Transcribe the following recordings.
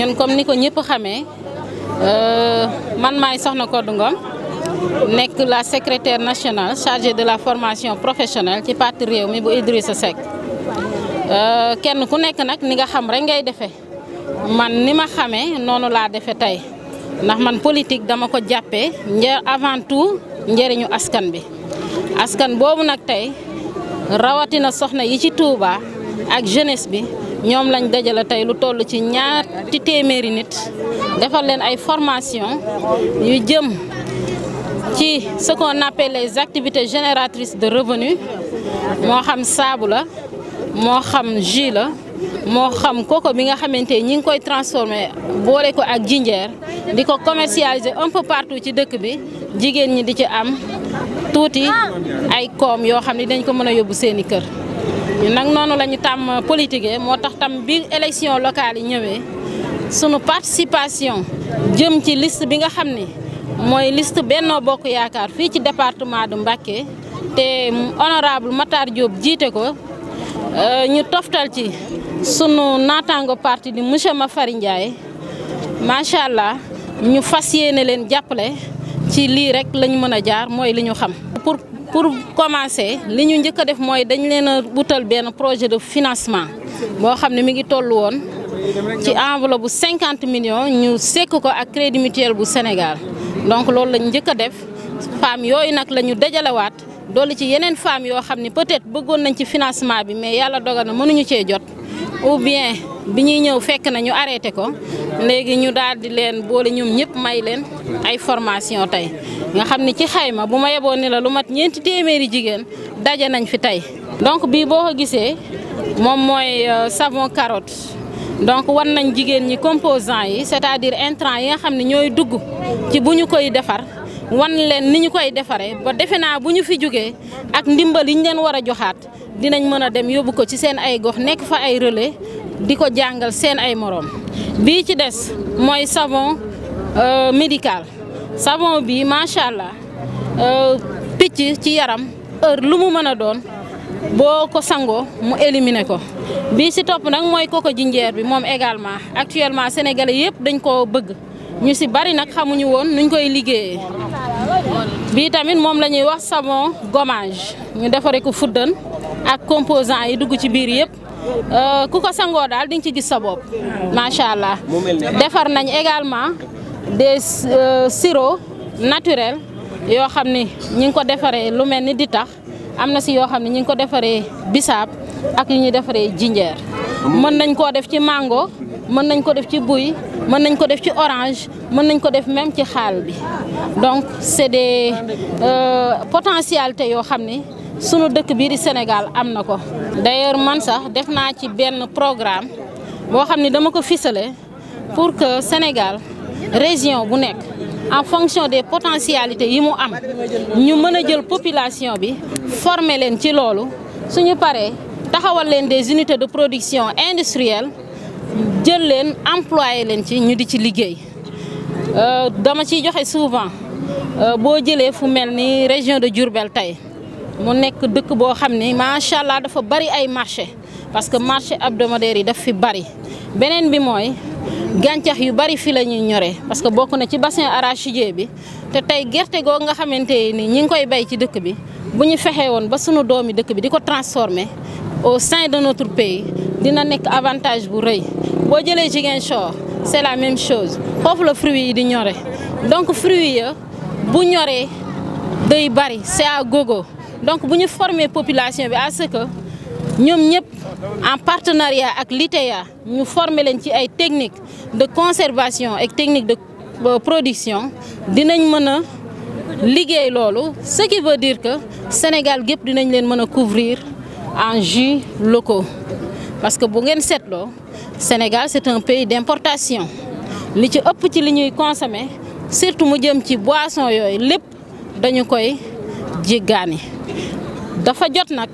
ñun comme ni ko ñëpp xamee euh, man maay soxna Codou Ngom nekk la secrétaire nationale chargée de la formation professionnelle ci parti réew mi bu Idrissa Seck euh, kenn ku nekk nag ni nga xam rek ngay defee man ni ma xamee noonu laa defee tey ndax man politique dama ko jàppee njër avant tout njëriñu askan bi askan boobu nag tey rawatina soxna yi ci Touba ak jeunesse bi ñoom lañ dajale tey lu toll ci ñaar ci téeméeri nit defal leen ay formation yu jëm ci ce qu'on appelle les activités génératrices de revenu moo xam saabu la moo xam jus la moo xam koko bi nga xamante ñi ngi koy transformé boole ko ak jinjeer di ko commercialiser un peu partout ci dëkk bi jigéen ñi di ci am tuuti ay koom yoo xam ne dañ ko mën a yóbbu seeni kër ñu nag noonu la ñu tàmm politique moo tax tam bi élection locale yi ñëwee sunu participation jëm ci list bi nga xam ni mooy list Benno Bokk Yaakaar fii ci département de Mbacké te honorable Matar Diop jiite ko euh, ñu toftal ci sunu naataango parti di monsieur Mafari Ndiaye macha allah ñu fas yéene leen jàppale ci lii rek lañu mën a jaar mooy li ñu xam pour pour commencer li ñu njëkk a def mooy dañu leen a wutal benn projet de financement boo xam ne mi ngi toll woon ci enveloppe bu cinquante millions ñu sekk ko ak crédit mutuel bu Sénégal donc loolu lañ njëkk a def femmes yooyu nag la ñu dajalewaat dolli ci yeneen femmes yoo xam ne peut-être bëggoon nañ ci financement bi mais yàlla dogal na mënuñu cee jot ou bien bi ñuy ñëw fekk na ñu arrêté ko léegi ñu daal di leen boole ñoom ñëpp may leen ay formation tey nga xam ni ci xayma bu ma yeboon la lu mat ñeenti téeméeri jigéen daje nañ fi tey. donc bii boo ko gisee moom mooy euh, savon carotte donc wan nañ jigéen ñi composants yi c'est-à-dire intrants yi nga xam ne ñooy dugg ci bu ñu koy defar. wan leen ni ñu koy defaree ba defe naa bu ñu fi jógee ak ndimbal yi ñu leen war a joxaat dinañ mën a dem yóbbu ko ci seen ay gox nekk fa ay relais di ko jàngal seen ay moroom bi ci des mooy savon euh, médical savon bi macha allah euh, picc ci yaram heure lu mu mën a doon boo ko sangoo mu éliminer ko bii si topp nag mooy koko jinjeer bi moom également actuellement sénégalais yëpp dañ koo bëgg ñu si bari nag xamuñu woon nuñ koy liggéeye bii tamit moom la ñuy wax savon gommage ñu defaree ko fuddan ak composant yi dugg ci biir yëpp. Euh, ku ko sangoo daal di nga ci gis sa bopp macha allah. defar nañ également des euh, siro naturel yoo xam ni ñi ngi ko defaree lu mel ni di tax am na si yoo xam ne ñi ngi ko defaree bisaab ak yu ñuy defaree jinjeer mën nañ koo def ci mango mën nañ ko def ci buy mën nañ ko def ci orange mën nañ ko def même ci xaal bi donc c'est des euh, potentialités yoo xam ni sunu dëkk bii di Sénégal am na ko. d'ailleurs man sax def naa ci benn programme boo xam ni dama ko ficelé pour que Sénégal région bu nekk en fonction des potentialités yi mu am ñu mën a jël population bi former leen ci loolu suñu paree taxawal leen des unités de production industrielle jël leen employé leen ci ñu di ci liggéey euh, dama ciy joxe souvent euh, boo jëlee fu mel ni région de Diourbel tey. mu nekk dëkk boo xam ne macha allah dafa bari ay marché parce que marché hebdomadaire yi def fi bari beneen bi mooy gàncax yu bari fi la ñuy ñoree parce que bokk na ci bassin arachidier bi te tey gerte googu nga xamante ni ñi ngi koy bay ci dëkk bi bu ñu fexee woon ba sunu doomi dëkk bi di ko transformer au sein de notre pays dina nekk avantage bu rëy boo jëlee Ziguinchor c'est la même chose foofu la fruits yi di ñore donc fruits ya bu ñoree day bari c'est à donc bu ñu former population bi à ce que ñoom ñëpp en partenariat ak l'ITEA ñu former leen ci ay techniques de conservation ak technique de euh, production dinañ mën a liggéey loolu ce qui veut dire que Sénégal gépp dinañ leen mën a couvrir en jus locaux parce que bu ngeen seetloo Sénégal c'est un pays d'importation li ci ëpp ci li ñuy consommer surtout mu jëm ci boisson yooyu lépp dañu koy jéggaani dafa jot nag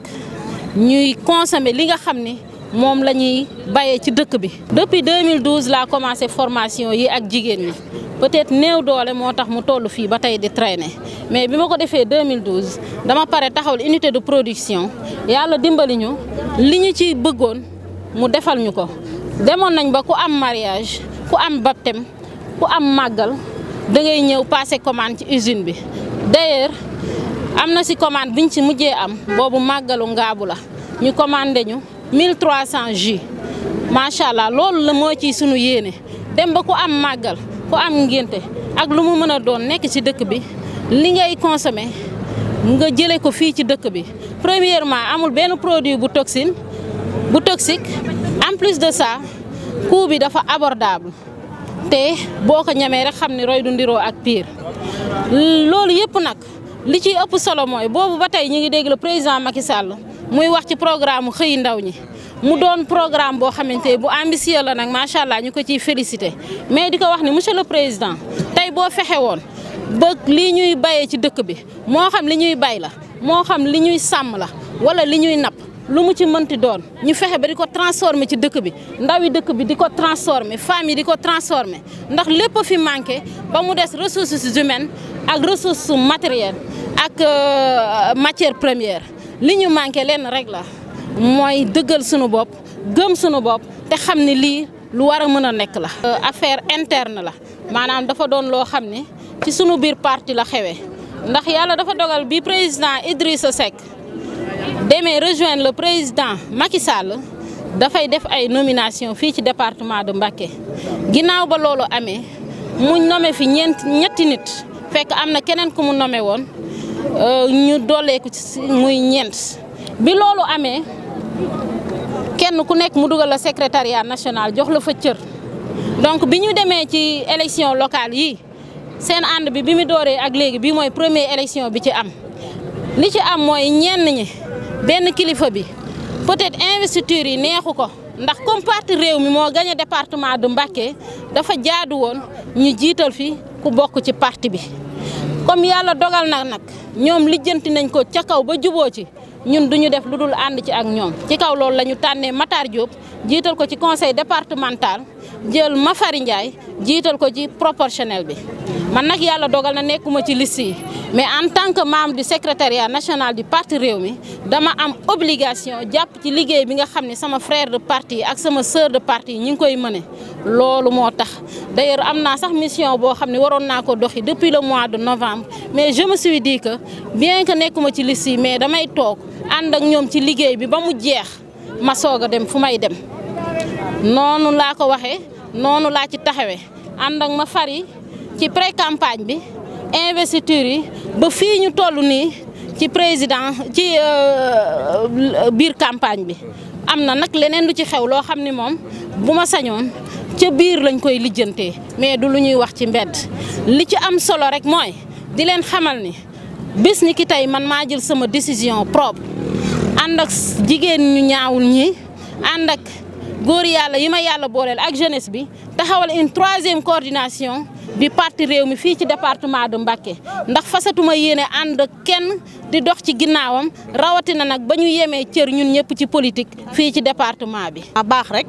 ñuy consommer li nga xam ni moom la ñuy bayee ci dëkk bi. depuis 2012 laa commencé formation yi ak jigéen ñi peut-être néew doole moo tax mu toll fii ba tey di traîner mais bi ma ko defee 2012 dama pare taxawal unité de production yàlla dimbali ñu li ñu ci bëggoon mu defal ñu ko. demoon nañ ba ku am mariage ku am baptême ku am màggal dangay ñëw passer commande ci usine bi d'ailleurs am na si commande biñ si mujjee am boobu màggalu ngaabu la ñu commandé ñu 1300 jus macha allah loolu la moo ciy sunu yéene dem ba ku am màggal ku am ngénte ak lu mu mën a doon nekk ci dëkk bi li ngay consommé nga jëlee ko fii ci dëkk bi premièrement amul benn produit bu toxine bu toxique en plus de ça coût bi dafa abordable te boo ko ñamee rek xam ne roy du ndiroo ak pire loolu yëpp nag. li ci ëpp solo mooy boobu ba tey ñu ngi dégg le président Macky Sall muy wax ci programme xëy ndaw ñi mu doon programme boo xamante bu ambitieux la nag macha allah ñu ko ciy félicité mais di ko wax ni monsieur le président tey boo fexe woon ba li ñuy bayee ci dëkk bi moo xam li ñuy bay la moo xam li ñuy sàmm la wala li ñuy napp lu mu ci mënti doon ñu fexe ba di ko transformer ci dëkk bi ndaw yi dëkk bi di ko transformer femmes yi di ko transformer ndax lépp fi manqué ba mu des ressources humaines ak ressources matérielles ak euh, matière première li ñu manqué lenn rek la mooy dëggal sunu bopp gëm sunu bopp te xam ni lii lu war a mën a nekk la. Euh, affaire interne la maanaam dafa doon loo xam ni ci sunu biir parti la xewee ndax yàlla dafa dogal bi président Idrissa Seck. demee rejoindre le président Macky Sall dafay def ay nomination fii ci département de Mbacké ginnaaw ba loolu amee mu nommé fi ñeent ñetti nit fekk am na keneen ku mu nommé woon euh, ñu dooleeku ci muy ñeent bi loolu amee kenn ku nekk mu dugal la secrétariat national jox la fa cër donc bi ñu demee ci élection locale yi seen ànd bi bi mu dooree ak léegi bi mooy premier élection bi ci am li ci am mooy ñenn ñi benn kilifa bi peut-être investiture yi neexu ko ndax comme parti réew mi moo gagné département de Mbacké dafa jaadu woon ñu jiital fi ku bokk ci parti bi comme yàlla dogal na nag ñoom lijjanti nañ ko ca kaw ba juboo ci ñun duñu def lu dul ànd ci ak ñoom ci kaw loolu la ñu tànnee Matar Diop jiital ko ci conseil départemental jël Mafari Ndiaye jiital ko ci proportionnel bi man nag yàlla dogal na nekkuma ci liste mais en tant que membre du secrétariat national du parti mi dama am obligation jàpp ci liggéey bi nga xam ne sama frère de parti ak sama sœur de parti ñi ngi koy mëne loolu moo tax d'ailleurs am naa sax mission boo xam ne waroon naa ko doxi depuis le mois de novembre mais je me suis dit que bien que nekkuma ci liste yi mais damay toog ànd ak ñoom ci liggéey bi ba mu jeex ma soog a dem fu may dem noonu laa ko waxee noonu laa ci taxawee ànd ak ma fari ci pré bi investiture yi ba fii ñu toll nii ci président ci euh, euh, biir campagne bi am na nag leneen lu ci xew loo xam ni moom bu ma sañoon ca biir lañ koy lijjantee mais du lu ñuy wax ci mbedd li ci am solo rek mooy di leen xamal ni bis ni ki tey man maa jël sama décision propre ànd ak jigéen ñu ñaawul ñi ànd ak góor yàlla yi ma yàlla booleel ak jeunesse bi taxawal une troisième coordination bi parti réew mi fii ci département de Mbacké ndax fasatuma yéene ànd kenn di dox ci ginnaawam rawatina nag ba ñu yemee cër ñun ñëpp ci politique fii ci département bi. Ah, baax rek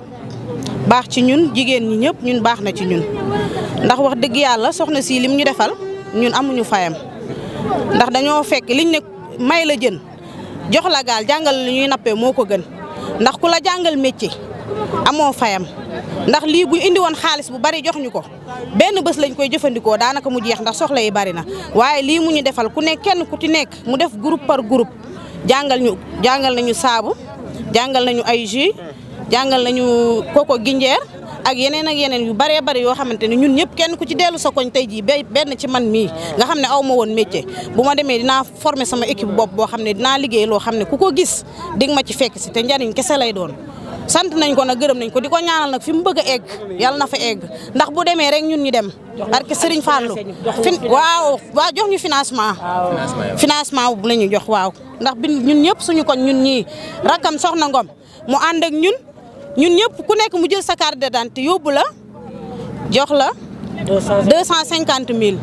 baax ci ñun jigéen ñi ñëpp ñun baax na ci ñun ndax wax dëgg yàlla soxna si lim ñu defal ñun amuñu fayam ndax dañoo fekk liñ ne may la jën jox la gaal jàngal li ñuy nappee moo ko gën ndax ku la jàngal amoo fayam ndax lii bu indi woon xaalis bu bari jox ñu ko benn bés lañ koy jëfandikoo daanaka mu jeex ndax soxla yi bari na waaye lii mu ñu defal ku ne kenn ku ci nekk mu def groupe par groupe jàngal ñu jàngal nañu saabu jàngal nañu ay jus jàngal nañu koko ginjeer ak yeneen ak yeneen yu bare bëri yoo xamante ne ñun ñëpp kenn ku ci dellu sa koñ tey jii benn ci man mii nga xam ne aw ma woon métier bu ma demee dinaa former sama équipe bopp boo xam ne dinaa liggéey loo xam ne ku ko gis dig ma ci fekk si te njariñ kese lay doon sant nañ ko nag gërëm nañ ko di ko ñaanal na fi mu bëgg a egg yàlla na fa egg ndax bu demee rek ñun ñu dem barke Serigne Fallou fin waaw waa jox ñu financement financement bu la ñuy jox waaw ndax bi ñun ñëpp suñu koñ ñun ñii rakkam soxna Ngom mu ànd ak ñun ñun ñëpp ku nekk mu jël sa carte d'identité yóbbu la jox la deux cent cinquante mille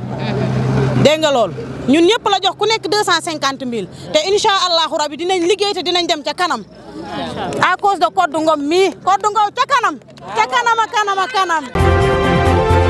dégg nga loolu ñun ñëpp la jox ku nekk deux cent cinquante mille te incha allahu rabi dinañ liggéey te dinañ dem ca kanam à de Codou mii Codou Ngom ca kanam ca